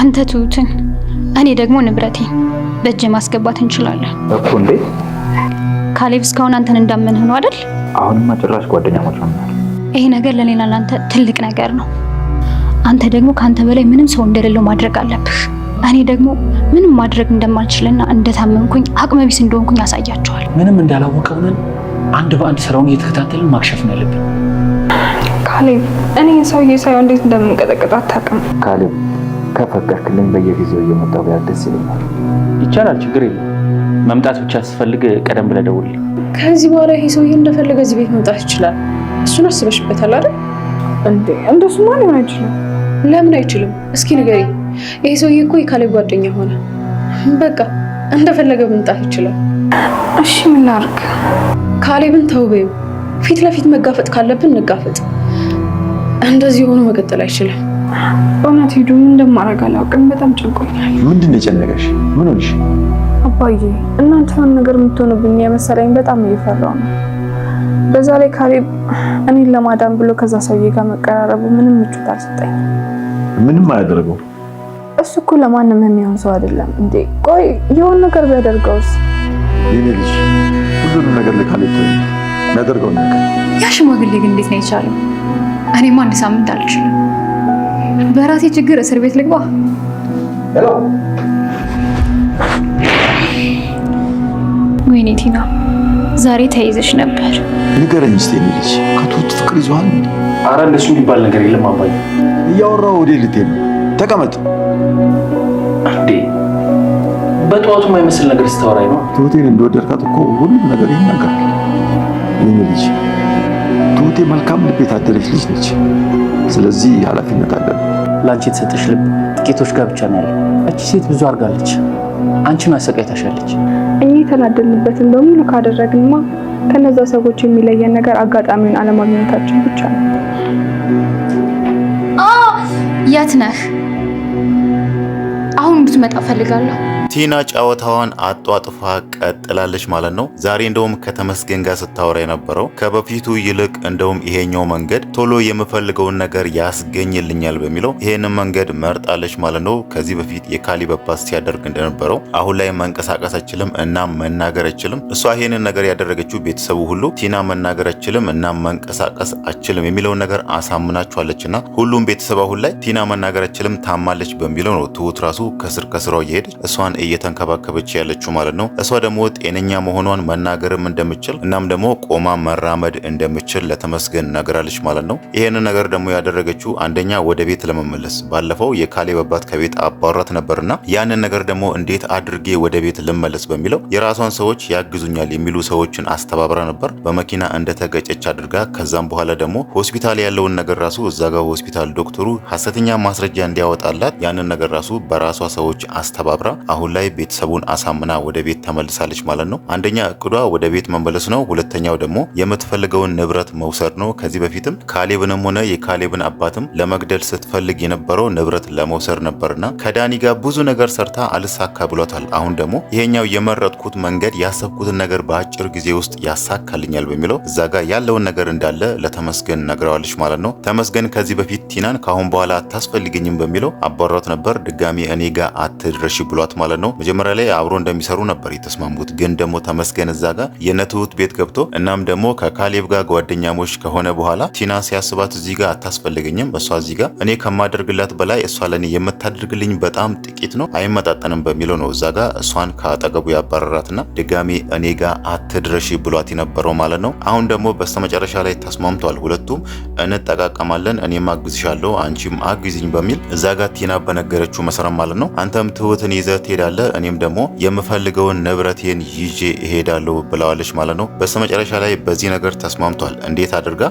አንተ ትሁትን፣ እኔ ደግሞ ንብረቴን በእጅ ማስገባት እንችላለን እኮ። እንዴ ካሌብ እስካሁን አንተን እንዳመንህ ነው አይደል? አሁንማ ጭራሽ ጓደኛሞች ነው። ይሄ ነገር ለኔና ለአንተ ትልቅ ነገር ነው። አንተ ደግሞ ከአንተ በላይ ምንም ሰው እንደሌለው ማድረግ አለብህ። እኔ ደግሞ ምንም ማድረግ እንደማልችልና እንደታመምኩኝ አቅመ ቢስ እንደሆንኩኝ ያሳያቸዋል። ምንም እንዳላወቀ ሆነን አንድ በአንድ ስራውን እየተከታተልን ማክሸፍ ነው ያለብን። ካሌብ እኔ ሰውዬ ሳይሆን እንዴት እንደምንቀጠቀጥ አታውቅም ካሌብ ከፈቀድክልኝ በየጊዜው እየመጣሁ ቢያት ደስ ይለኛል። ይቻላል፣ ችግር የለም። መምጣት ብቻ ስፈልግ ቀደም ብለህ ደውልልኝ። ከዚህ በኋላ ይሄ ሰውዬ እንደፈለገ እዚህ ቤት መምጣት ይችላል። እሱን አስበሽበታል አይደል? እንዴ እንደሱማ ሊሆን አይችልም። ለምን አይችልም? እስኪ ንገሪ። ይሄ ሰውዬ እኮ የካሌብ ጓደኛ ሆነ። በቃ እንደፈለገ መምጣት ይችላል። እሺ ምን ላድርግ? ካሌብን ተው ፊት ለፊት መጋፈጥ ካለብን እንጋፈጥ። እንደዚህ ሆኖ መቀጠል አይችልም። በእውነት ሂዱ። ምን እንደማደርግ አላውቅም። በጣም ጨንቆኛል። ምንድን ነው የጨነቀሽ? ምን ሆንሽ? አባዬ እናንተ ሆን ነገር የምትሆንብኝ የመሰለኝ በጣም እየፈራው ነው። በዛ ላይ ካሌብ እኔን ለማዳን ብሎ ከዛ ሰውዬ ጋር መቀራረቡ ምንም ምቾት አልሰጠኝ። ምንም አያደርገው እሱ እኮ ለማንም የሚሆን ሰው አይደለም እንዴ። ቆይ የሆነ ነገር ቢያደርገውስ? የኔ ልጅ ሁሉንም ነገር ለካሌብ ያደርገው ነገር ያ ሽማግሌ ግን እንዴት ነው የቻለው? እኔማ አንድ ሳምንት አልችልም በራሴ ችግር እስር ቤት ልግባ። ወይኔ ቲና ዛሬ ተይዘሽ ነበር። ንገረኝ እስኪ ልጅ ከቶት ፍቅር ይዟል። አረ እንደሱ የሚባል ነገር የለም አባዬ። እያወራሁ ወደ ልትሄድ ነው? ተቀመጥ እንዴ። በጠዋቱ የማይመስል ነገር ስታወራኝ ነው። ትሁቴን እንደወደድካት እኮ ሁሉም ነገር ይናገራል። የኔ ልጅ ትሁቴ መልካም ልብ የታደለች ልጅ ነች። ስለዚህ ኃላፊነት አለብን። ለአንቺ የተሰጠሽ ልብ ጥቂቶች ጋር ብቻ ነው ያለው። እቺ ሴት ብዙ አድርጋለች፣ አንቺን አሰቃይታሻለች። እኛ የተናደድንበትን በሙሉ ካደረግንማ ከነዛ ሰዎች የሚለየን ነገር አጋጣሚውን አለማግኘታችን ብቻ ነው። የት ነህ? አሁን ብትመጣ ፈልጋለሁ። ቲና ጨዋታዋን አጧጥፋ ቀጥላለች ማለት ነው። ዛሬ እንደውም ከተመስገን ጋር ስታወራ የነበረው ከበፊቱ ይልቅ እንደውም ይሄኛው መንገድ ቶሎ የምፈልገውን ነገር ያስገኝልኛል በሚለው ይሄንን መንገድ መርጣለች ማለት ነው። ከዚህ በፊት የካሊ በባስ ሲያደርግ እንደነበረው አሁን ላይ መንቀሳቀስ አይችልም እና መናገር አይችልም። እሷ ይሄንን ነገር ያደረገችው ቤተሰቡ ሁሉ ቲና መናገር አይችልም እና መንቀሳቀስ አችልም የሚለውን ነገር አሳምናችኋለች እና ሁሉም ቤተሰብ አሁን ላይ ቲና መናገር አይችልም ታማለች በሚለው ነው ትሁት ራሱ ከስር ከስራው እየሄደች እሷን እየተንከባከበች ያለችው ማለት ነው። እሷ ደግሞ ጤነኛ መሆኗን መናገርም እንደምችል እናም ደግሞ ቆማ መራመድ እንደምችል ለተመስገን ነገራለች ማለት ነው። ይሄንን ነገር ደግሞ ያደረገችው አንደኛ ወደ ቤት ለመመለስ ባለፈው የካሌብ አባት ከቤት አባሯት ነበርና ያንን ነገር ደግሞ እንዴት አድርጌ ወደ ቤት ልመለስ በሚለው የራሷን ሰዎች ያግዙኛል የሚሉ ሰዎችን አስተባብራ ነበር። በመኪና እንደተገጨች አድርጋ ከዛም በኋላ ደግሞ ሆስፒታል ያለውን ነገር ራሱ እዛ ጋር ሆስፒታል ዶክተሩ ሀሰተኛ ማስረጃ እንዲያወጣላት ያንን ነገር ራሱ በራሷ ሰዎች አስተባብራ አሁን ላይ ቤተሰቡን አሳምና ወደ ቤት ተመልሳ ትመልሳለች ማለት ነው። አንደኛ እቅዷ ወደ ቤት መመለስ ነው። ሁለተኛው ደግሞ የምትፈልገውን ንብረት መውሰድ ነው። ከዚህ በፊትም ካሌብንም ሆነ የካሌብን አባትም ለመግደል ስትፈልግ የነበረው ንብረት ለመውሰድ ነበርና ከዳኒ ጋር ብዙ ነገር ሰርታ አልሳካ ብሏታል። አሁን ደግሞ ይሄኛው የመረጥኩት መንገድ ያሰብኩትን ነገር በአጭር ጊዜ ውስጥ ያሳካልኛል በሚለው እዛ ጋር ያለውን ነገር እንዳለ ለተመስገን ነግረዋለች ማለት ነው። ተመስገን ከዚህ በፊት ቲናን ከአሁን በኋላ አታስፈልገኝም በሚለው አባሯት ነበር። ድጋሚ እኔ ጋር አትድረሽ ብሏት ማለት ነው። መጀመሪያ ላይ አብሮ እንደሚሰሩ ነበር የተስማ የተስማሙት። ግን ደግሞ ተመስገን እዛ ጋር የነትሁት ቤት ገብቶ እናም ደግሞ ከካሌብ ጋር ጓደኛሞች ከሆነ በኋላ ቲና ሲያስባት እዚህ ጋር አታስፈልገኝም፣ እሷ እዚህ ጋር እኔ ከማደርግላት በላይ እሷ ለእኔ የምታደርግልኝ በጣም ጥቂት ነው፣ አይመጣጠንም በሚለው ነው እዛ ጋር እሷን ከአጠገቡ ያባረራትና ድጋሜ እኔ ጋር አትድረሺ ብሏት የነበረው ማለት ነው። አሁን ደግሞ በስተመጨረሻ ላይ ተስማምቷል። ሁለቱም እንጠቃቀማለን፣ እኔም አግዝሻለሁ፣ አንቺም አግዝኝ በሚል እዛ ጋር ቲና በነገረችው መሰረት ማለት ነው አንተም ትሁትን ይዘህ ትሄዳለህ፣ እኔም ደግሞ የምፈልገውን ንብረት እናቴን ይዤ እሄዳለሁ ብለዋለች ማለት ነው። በስተመጨረሻ ላይ በዚህ ነገር ተስማምቷል። እንዴት አድርጋ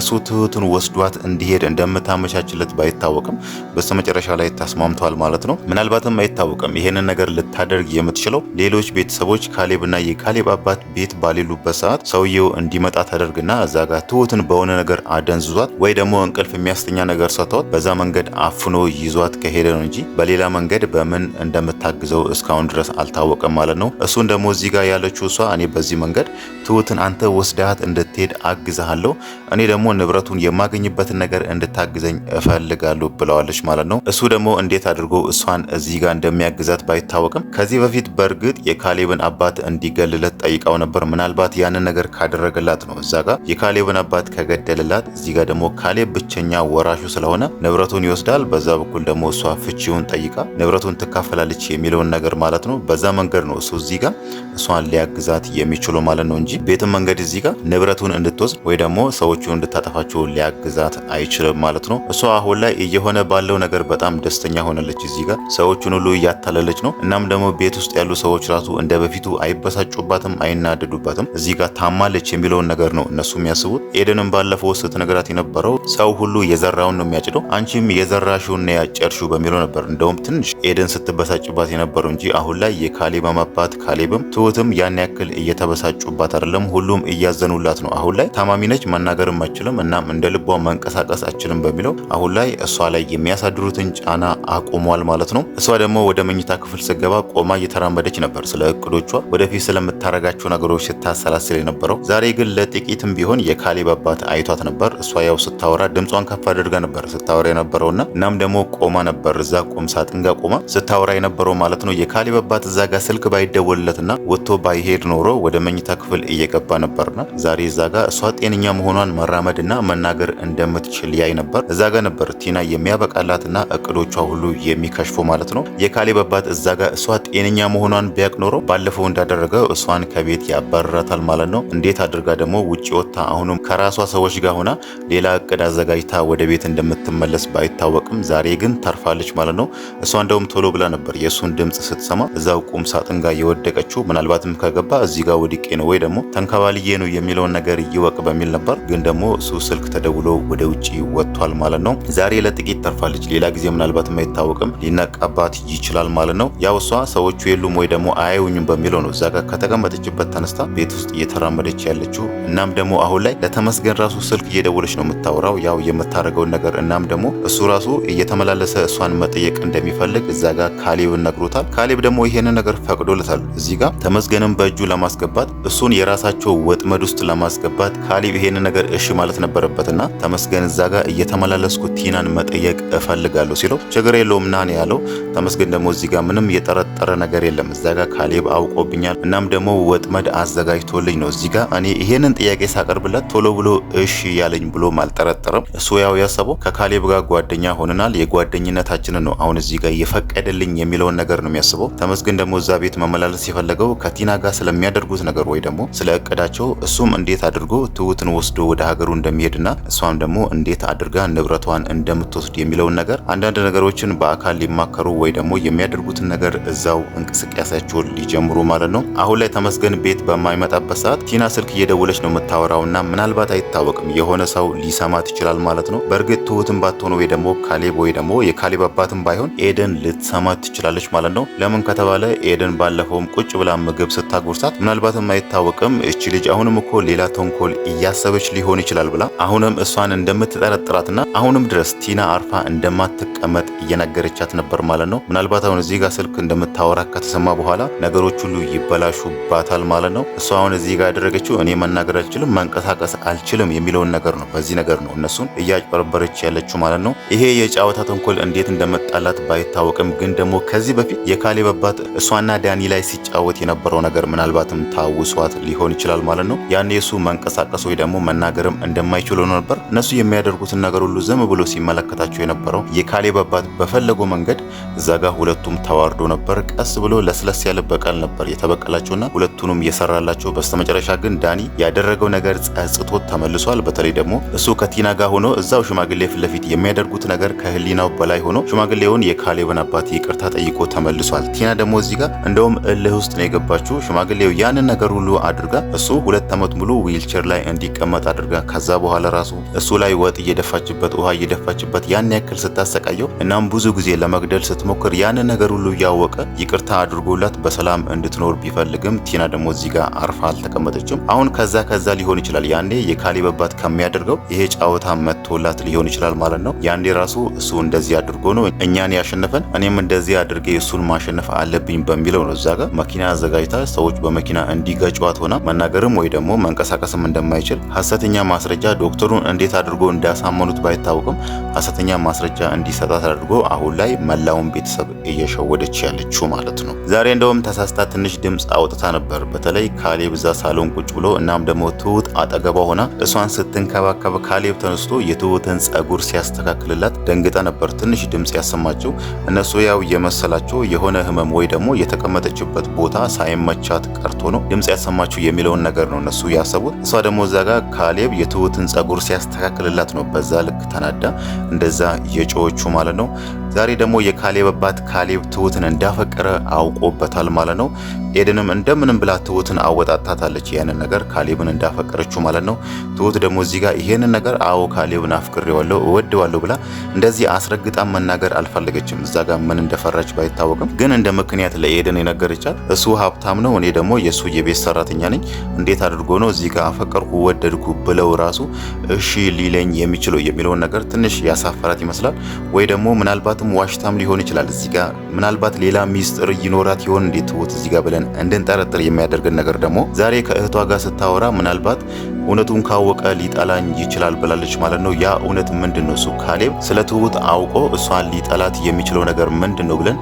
እሱ ትሁትን ወስዷት እንዲሄድ እንደምታመቻችለት ባይታወቅም በስተመጨረሻ ላይ ተስማምቷል ማለት ነው። ምናልባትም አይታወቅም ይሄንን ነገር ልታደርግ የምትችለው ሌሎች ቤተሰቦች ካሌብና የካሌብ አባት ቤት ባሌሉበት ሰዓት ሰውየው እንዲመጣ ታደርግና እዛ ጋር ትሁትን በሆነ ነገር አደንዝዟት ወይ ደግሞ እንቅልፍ የሚያስተኛ ነገር ሰጥቷት በዛ መንገድ አፍኖ ይዟት ከሄደ ነው እንጂ በሌላ መንገድ በምን እንደምታግዘው እስካሁን ድረስ አልታወቀም ማለት ነው እሱ ደግሞ እዚህ ጋር ያለችው እሷ እኔ በዚህ መንገድ ትሁትን አንተ ወስዳት እንድትሄድ አግዝሃለሁ፣ እኔ ደግሞ ንብረቱን የማገኝበትን ነገር እንድታግዘኝ እፈልጋለሁ ብለዋለች ማለት ነው። እሱ ደግሞ እንዴት አድርጎ እሷን እዚህ ጋር እንደሚያግዛት ባይታወቅም ከዚህ በፊት በእርግጥ የካሌብን አባት እንዲገልለት ጠይቃው ነበር። ምናልባት ያንን ነገር ካደረገላት ነው እዛ ጋር የካሌብን አባት ከገደልላት፣ እዚህ ጋር ደግሞ ካሌብ ብቸኛ ወራሹ ስለሆነ ንብረቱን ይወስዳል። በዛ በኩል ደግሞ እሷ ፍቺውን ጠይቃ ንብረቱን ትካፈላለች የሚለውን ነገር ማለት ነው። በዛ መንገድ ነው እሱ እዚህ ጋር እሷን ሊያግዛት የሚችሉ ማለት ነው እንጂ ቤትም መንገድ እዚህ ጋር ንብረቱን እንድትወስድ ወይ ደግሞ ሰዎቹ እንድታጠፋቸው ሊያግዛት አይችልም ማለት ነው። እሷ አሁን ላይ እየሆነ ባለው ነገር በጣም ደስተኛ ሆናለች። እዚህ ጋር ሰዎቹን ሁሉ እያታለለች ነው። እናም ደግሞ ቤት ውስጥ ያሉ ሰዎች ራሱ እንደ በፊቱ አይበሳጩባትም፣ አይናደዱባትም። እዚህ ጋር ታማለች የሚለውን ነገር ነው እነሱ የሚያስቡት። ኤደንም ባለፈው ስትነግራት የነበረው ሰው ሁሉ የዘራውን ነው የሚያጭደው፣ አንቺም የዘራሽውን ያጨርሹ በሚለው ነበር። እንደውም ትንሽ ኤደን ስትበሳጭባት የነበረው እንጂ አሁን ላይ የካሌብ አባት ካሌብ ጣይብም ትሁትም ያን ያክል እየተበሳጩባት አይደለም። ሁሉም እያዘኑላት ነው። አሁን ላይ ታማሚ ነች፣ መናገርም አችልም፣ እናም እንደ ልቧ መንቀሳቀስ አችልም በሚለው አሁን ላይ እሷ ላይ የሚያሳድሩትን ጫና አቁሟል ማለት ነው። እሷ ደግሞ ወደ መኝታ ክፍል ስገባ ቆማ እየተራመደች ነበር ስለ እቅዶቿ ወደፊት ስለምታረጋቸው ነገሮች ስታሰላስል የነበረው። ዛሬ ግን ለጥቂትም ቢሆን የካሌብ አባት አይቷት ነበር። እሷ ያው ስታወራ ድምጿን ከፍ አድርጋ ነበር ስታወራ የነበረውና እናም ደግሞ ቆማ ነበር እዛ ቁም ሳጥን ጋ ቆማ ስታወራ የነበረው ማለት ነው። የካሌብ አባት እዛ ጋር ስልክ ባይደወልለት ነበረበትና ወጥቶ ባይሄድ ኖሮ ወደ መኝታ ክፍል እየገባ ነበርና ዛሬ እዛ ጋር እሷ ጤነኛ መሆኗን መራመድና መናገር እንደምትችል ያይ ነበር። እዛ ጋር ነበር ቲና የሚያበቃላትና እቅዶቿ ሁሉ የሚከሽፉ ማለት ነው። የካሌብ አባት እዛ ጋር እሷ ጤነኛ መሆኗን ቢያቅ ኖሮ ባለፈው እንዳደረገው እሷን ከቤት ያባረራታል ማለት ነው። እንዴት አድርጋ ደግሞ ውጭ ወጥታ አሁንም ከራሷ ሰዎች ጋር ሆና ሌላ እቅድ አዘጋጅታ ወደ ቤት እንደምትመለስ ባይታወቅም ዛሬ ግን ተርፋለች ማለት ነው። እሷ እንደውም ቶሎ ብላ ነበር የእሱን ድምፅ ስትሰማ እዛው ቁም ሳጥን ጋር የወደቀች ያለችው ምናልባትም ከገባ እዚህ ጋር ወድቄ ነው ወይ ደግሞ ተንከባልዬ ነው የሚለውን ነገር ይወቅ በሚል ነበር። ግን ደግሞ እሱ ስልክ ተደውሎ ወደ ውጭ ወጥቷል ማለት ነው። ዛሬ ለጥቂት ተርፋለች። ሌላ ጊዜ ምናልባትም አይታወቅም፣ ሊነቃባት ይችላል ማለት ነው። ያው እሷ ሰዎቹ የሉም ወይ ደግሞ አያዩኝም በሚለው ነው እዛ ጋር ከተቀመጠችበት ተነስታ ቤት ውስጥ እየተራመደች ያለችው። እናም ደግሞ አሁን ላይ ለተመስገን ራሱ ስልክ እየደወለች ነው የምታወራው ያው የምታደርገውን ነገር እናም ደግሞ እሱ ራሱ እየተመላለሰ እሷን መጠየቅ እንደሚፈልግ እዛ ጋር ካሌብን ነግሮታል። ካሌብ ደግሞ ይሄንን ነገር ፈቅዶለታል። እዚ ጋ ተመስገንም በእጁ ለማስገባት እሱን የራሳቸው ወጥመድ ውስጥ ለማስገባት ካሌብ ይሄን ነገር እሺ ማለት ነበረበትና ተመስገን እዛ ጋር እየተመላለስኩ ቲናን መጠየቅ እፈልጋለሁ ሲለው ችግር የለውም ናን ያለው ተመስገን ደግሞ እዚህ ጋር ምንም የጠረጠረ ነገር የለም እዛ ጋር ካሌብ አውቆብኛል እናም ደግሞ ወጥመድ አዘጋጅቶልኝ ነው እዚህ ጋር እኔ ይሄንን ጥያቄ ሳቀርብለት ቶሎ ብሎ እሺ ያለኝ ብሎም አልጠረጠረም እሱ ያው ያሰበው ከካሌብ ጋር ጓደኛ ሆነናል የጓደኝነታችንን ነው አሁን እዚህ ጋር እየፈቀደልኝ የሚለውን ነገር ነው የሚያስበው ተመስገን ደግሞ እዛ ቤት መመላለስ ይፈል ያስፈለገው ከቲና ጋር ስለሚያደርጉት ነገር ወይ ደግሞ ስለ እቅዳቸው እሱም እንዴት አድርጎ ትሁትን ወስዶ ወደ ሀገሩ እንደሚሄድና እሷም ደግሞ እንዴት አድርጋ ንብረቷን እንደምትወስድ የሚለውን ነገር አንዳንድ ነገሮችን በአካል ሊማከሩ ወይ ደግሞ የሚያደርጉትን ነገር እዛው እንቅስቃሴያቸውን ሊጀምሩ ማለት ነው። አሁን ላይ ተመስገን ቤት በማይመጣበት ሰዓት ቲና ስልክ እየደወለች ነው የምታወራውና ምናልባት አይታወቅም የሆነ ሰው ሊሰማት ይችላል ማለት ነው። በእርግጥ ትሁትን ባትሆን ወይ ደግሞ ካሌብ ወይ ደግሞ የካሌብ አባትም ባይሆን ኤደን ልትሰማት ትችላለች ማለት ነው። ለምን ከተባለ ኤደን ባለፈውም ቁጭ ብላ ምግብ ስታጎርሳት ምናልባትም አይታወቅም እቺ ልጅ አሁንም እኮ ሌላ ተንኮል እያሰበች ሊሆን ይችላል ብላ አሁንም እሷን እንደምትጠረጥራትና አሁንም ድረስ ቲና አርፋ እንደማትቀመጥ እየነገረቻት ነበር ማለት ነው። ምናልባት አሁን እዚህ ጋር ስልክ እንደምታወራ ከተሰማ በኋላ ነገሮች ሁሉ ይበላሹባታል ማለት ነው። እሷ አሁን እዚህ ጋር ያደረገችው እኔ መናገር አልችልም፣ መንቀሳቀስ አልችልም የሚለውን ነገር ነው። በዚህ ነገር ነው እነሱን እያጭበረበረች ያለችው ማለት ነው። ይሄ የጨዋታ ተንኮል እንዴት እንደመጣላት ባይታወቅም ግን ደግሞ ከዚህ በፊት የካሌብ አባት እሷና ዳኒ ላይ ሲጫወ ሲጫወት የነበረው ነገር ምናልባትም ታውሷት ሊሆን ይችላል ማለት ነው። ያኔ እሱ መንቀሳቀስ ወይ ደግሞ መናገርም እንደማይችል ሆኖ ነበር። እነሱ የሚያደርጉትን ነገር ሁሉ ዝም ብሎ ሲመለከታቸው የነበረው የካሌብ አባት በፈለገው መንገድ እዛ ጋር ሁለቱም ተዋርዶ ነበር። ቀስ ብሎ ለስለስ ያለ በቀል ነበር የተበቀላቸውና ሁለቱንም የሰራላቸው። በስተመጨረሻ ግን ዳኒ ያደረገው ነገር ጸጽቶ ተመልሷል። በተለይ ደግሞ እሱ ከቲና ጋር ሆኖ እዛው ሽማግሌ ፊት ለፊት የሚያደርጉት ነገር ከህሊናው በላይ ሆኖ ሽማግሌውን የካሌብን አባት ይቅርታ ጠይቆ ተመልሷል። ቲና ደግሞ እዚህ ጋር እንደውም እልህ ውስጥ ነው የገባችው። ሽማግሌው ያንን ነገር ሁሉ አድርጋ እሱ ሁለት ዓመት ሙሉ ዊልቸር ላይ እንዲቀመጥ አድርጋ ከዛ በኋላ ራሱ እሱ ላይ ወጥ እየደፋችበት ውሃ እየደፋችበት ያን ያክል ስታሰቃየው እናም ብዙ ጊዜ ለመግደል ስትሞክር ያንን ነገር ሁሉ እያወቀ ይቅርታ አድርጎላት በሰላም እንድትኖር ቢፈልግም ቲና ደግሞ እዚህ ጋር አርፋ አልተቀመጠችም። አሁን ከዛ ከዛ ሊሆን ይችላል ያኔ የካሌብ አባት ከሚያደርገው ይሄ ጫወታ መጥቶላት ሊሆን ይችላል ማለት ነው። ያኔ ራሱ እሱ እንደዚህ አድርጎ ነው እኛን ያሸነፈን፣ እኔም እንደዚህ አድርጌ እሱን ማሸነፍ አለብኝ በሚለው ነው እዛ ጋር መኪና አዘጋጅታ ሰዎች በመኪና እንዲገጯት ሆና መናገርም ወይ ደግሞ መንቀሳቀስም እንደማይችል ሐሰተኛ ማስረጃ ዶክተሩን እንዴት አድርጎ እንዳሳመኑት ባይታወቅም ሐሰተኛ ማስረጃ እንዲሰጣት አድርጎ አሁን ላይ መላውን ቤተሰብ እየሸወደች ያለችው ማለት ነው። ዛሬ እንደውም ተሳስታ ትንሽ ድምፅ አውጥታ ነበር። በተለይ ካሌብ እዛ ሳሎን ቁጭ ብሎ እናም ደግሞ ትሁት አጠገቧ ሆና እሷን ስትንከባከብ ካሌብ ተነስቶ የትሁትን ጸጉር ሲያስተካክልላት ደንግጣ ነበር ትንሽ ድምፅ ያሰማችው። እነሱ ያው የመሰላቸው የሆነ ህመም ወይ ደግሞ የተቀመጠችበት ቦታ ቦታ ሳይመቻት ቀርቶ ነው ድምፅ ያሰማችሁ የሚለውን ነገር ነው እነሱ ያሰቡት። እሷ ደግሞ እዛ ጋር ካሌብ የትሁትን ጸጉር ሲያስተካክልላት ነው በዛ ልክ ተናዳ እንደዛ የጮዎቹ ማለት ነው። ዛሬ ደግሞ የካሌብ አባት ካሌብ ትሁትን እንዳፈቀረ አውቆበታል ማለት ነው። ኤደንም እንደምንም ብላ ትሁትን አወጣታታለች ያንን ነገር ካሌብን እንዳፈቀረችው ማለት ነው። ትሁት ደግሞ እዚህ ጋር ይሄንን ነገር አዎ ካሌብን አፍቅሬዋለሁ እወደዋለሁ ብላ እንደዚህ አስረግጣ መናገር አልፈለገችም። እዛ ጋር ምን እንደፈራች ባይታወቅም ግን እንደ ምክንያት ለኤደን የነገረቻት እሱ ሀብታም ነው፣ እኔ ደግሞ የእሱ የቤት ሰራተኛ ነኝ፣ እንዴት አድርጎ ነው እዚህ ጋር አፈቀርኩ ወደድኩ ብለው ራሱ እሺ ሊለኝ የሚችለው የሚለውን ነገር ትንሽ ያሳፈራት ይመስላል ወይ ደግሞ ምናልባት ምክንያቱም ዋሽታም ሊሆን ይችላል። እዚህ ጋር ምናልባት ሌላ ሚስጥር ይኖራት ይሆን እንዴት ትሁት እዚህ ጋር ብለን እንድንጠረጥር የሚያደርገን ነገር ደግሞ ዛሬ ከእህቷ ጋር ስታወራ ምናልባት እውነቱን ካወቀ ሊጠላኝ ይችላል ብላለች ማለት ነው። ያ እውነት ምንድን ነው? እሱ ካሌብ ስለ ትሁት አውቆ እሷን ሊጠላት የሚችለው ነገር ምንድን ነው ብለን